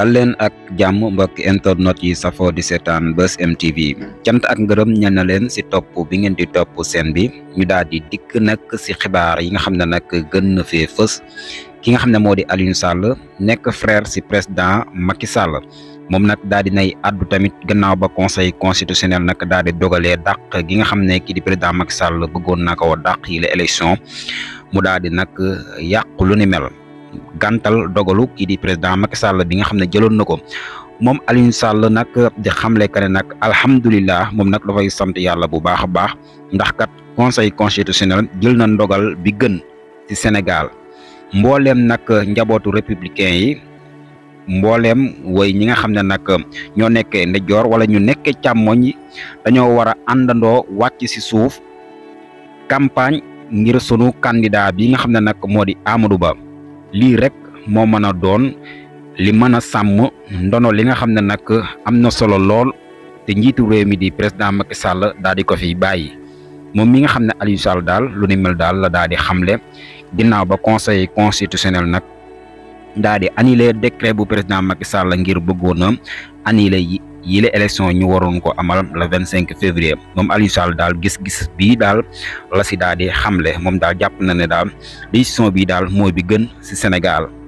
talen ak jamu mbokki internet yi safo di setan bus MTV. TV cant ak ngeureum ñanalen ci top bi ngeen di top sen bi ñu daal di dikk nag si xibaar yi nga xamne nak gën na fe feus ki nga xamne modi di Aliou Sall nek frère si président Macky Sall mom nak daal di nay addu tamit gannaaw ba conseil constitutionnel nak daal di dogalee dàq gi nga xamne ki di président Macky Sall bëggon nako dak yi le élection mu daal di nag yàqu lu ni mel. gàntal dogalu kii di président Macky Sall bi nga xam ne jëloon na ko moom Alioune Sall nag di xamle que ne nag alhamdulilah moom nag dafay sant yàlla bu baax a baax ndax kat conseil constitutionnel jël na ndogal bi gën ci Sénégal mbooleem nag njabootu républicain yi mbooleem woy ñi nga xam ne nag ñoo nekkee ndejoor wala ñu nekkee càmmoñ yi dañoo war a àndandoo wàcc ci suuf campagne ngir sunu candidat bi nga xam ne nag moo di Amadou Ba. lii rek moo mën a doon li mën a sàmm ndono li nga xam ne nag am na solo lool te njiitu réew mi di président Macky Sall daal di ko fiy bàyyi moom mi nga xam ne Aliou Sall daal lu ni mel daal la daal di xamle ginnaaw ba conseil constitutionnel nag daal di annulé décret bu président Macky Sall ngir bëggoon a annulé yi yile élection ñu waroon ko amal le vingt cinq février moom Aliou Sall daal gis-gis bii daal la si daal di xamle moom daal jàpp na ne daal décision bi daal mooy bi gën si Sénégal